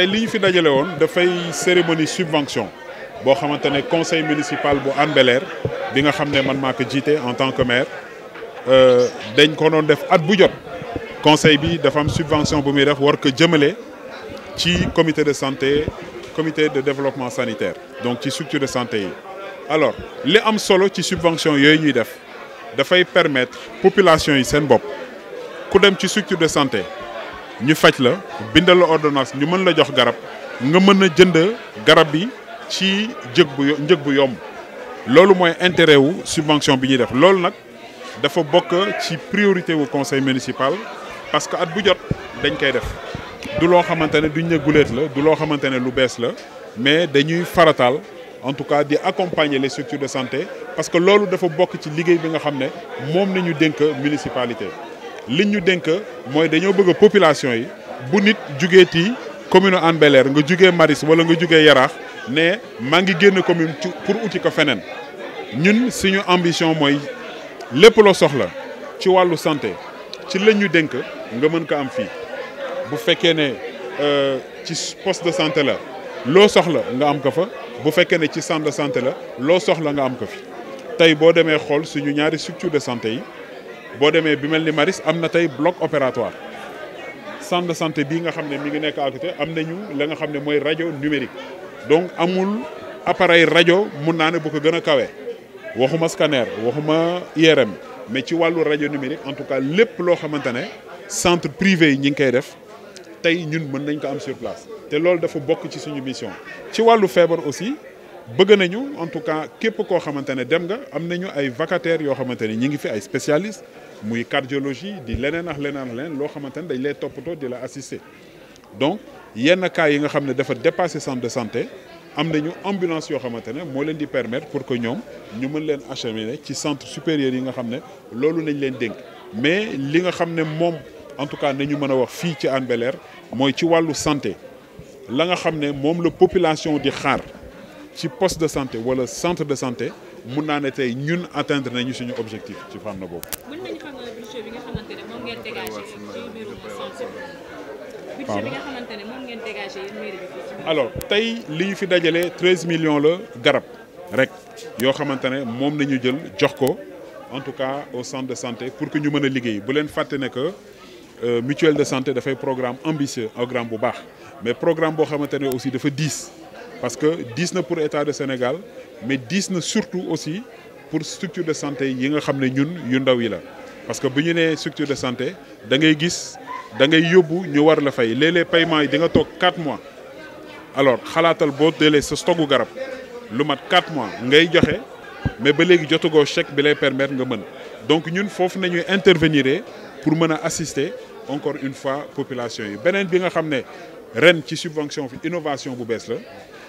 C'est ce qui fi dajale woon dafay cérémonie subvention bo xamante conseil municipal bu Hann bel bi nga xamné man ko en tant que maire euh, dañ ko non def at bu jot conseil bi da fam subvention bu mi def war ko le ci comité de santé comité de développement sanitaire donc ci structure de santé yi alors li am solo ci subvention yoy ñuy def fay permettre population yi seen bop ku dem ci structure de santé ñu faj la bindal la ordonnance ñu mën la jox garab nga mën a jënd garab bi ci jëg bu njëg bu yomb loolu mooy intérêt wu subvention bi ñuy def loolu nag dafa bokk ci priorité wu conseil municipal parce que at bu jot dañ koy def du loo xamante ne duñ ne la du loo xamante ne lu bees la mais dañuy faratal en tout cas di accompagner les structures de santé parce que loolu dafa bokk ci liggéey bi nga xam ne moom nañu dénk municipalité liñ ñu dénk mooy dañoo bëgg population yi bu nit jugee ti commune Hann nga jugee Maris wala nga jugee Yaraax ne ma ngi génn commune pour uti ko fenen ñun suñu ambition moy lepp lo soxla ci walu santé ci lañu denk nga mën ko am fi bu né euh ci poste de santé la lo soxla nga am ko fa bu féké né ci centre de santé la lo soxla nga am ko fi tay bo démé xol suñu ñaari structure de santé yi bo démé bi melni Maris am tay bloc opératoire centre de santé bi nga xamné mi ngi nek am la nga xamné moy radio numérique donc amul appareil radio mun naa bu ko gëna kawé kawe waxuma scanner waxuma IRM mais ci walu radio numérique en tout cas lépp lo xamantane centre privé ñi ngi koy def tay ñun mën ko am sur place té lool dafa bokk ci suñu mission ci walu fièvre aussi bëgg nañu en tout cas képp koo xamante ne dem nga am nañu ay vacataires yoo xamante ne ñi ngi fi ay spécialistes muy cardiologie di leneen ak leneen ak leneen loo xamante ne dañ lay toppatoo di la assister donc yenn cas yi nga xam ne dafa dépassé centre de santé am nañu ambulance yoo xamante ne moo leen di permettre pour que ñoom ñu mën leen acheminer ci centre supérieur yi nga xam ne loolu nañ leen dénk mais li nga xam ne moom en tout cas nañu mën a wax fii ci Hann bel mooy ci wàllu santé la nga xam ne moom la population di xaar ci poste de santé wala centre de santé mun naa ne tey ñun atteindre nañu suñu objectif ci fànn boobu. mën nañu xam nga euh, budget bi nga xamante ne moom ngeen dégagé ci mbirum santé. budget bi nga xamante ne moom ngeen dégagé yéen mairie bi. alors tey li ñu fi dajale 13 millions la garab rek yoo xamante ne moom la ñu jël jox ko en tout cas au centre de santé pour que ñu mën a liggéey bu leen fàtte ne que. Euh, mutuelle de santé dafay programme ambitieux programme bu baax mais programme boo xamante ne aussi dafa 10 parce que diis pour état de Sénégal mais diis surtout aussi pour structure de santé yi nga xam ne ñun yu ndaw yi la. parce que bu ñu nee structure de santé da ngay gis da ngay yóbbu ñu war la fay léeg-léeg paiement yi di nga 4 mois alors avez boo délai sa stogu garab lu mat 4 mois ngay joxe mais ba léegi jotugoo chèque bi lay permettre nga mën donc ñun foofu nañuy intervenir pour assister encore une fois population yi beneen bi nga xam ne ren ci subvention fi innovation bu bees la.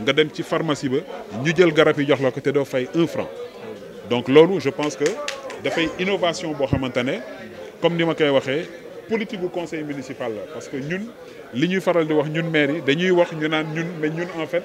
nga dem ci pharmacie ba ñu jël garab yi jox la ko te doo fay 1 franc donc loolu je pense que dafay innovation boo xamantane comme ni ma koy waxee politique bu conseil municipal la parce que ñun li ñuy faral di wax ñun maire yi dañuy wax ñu naan ñun mais ñun en fait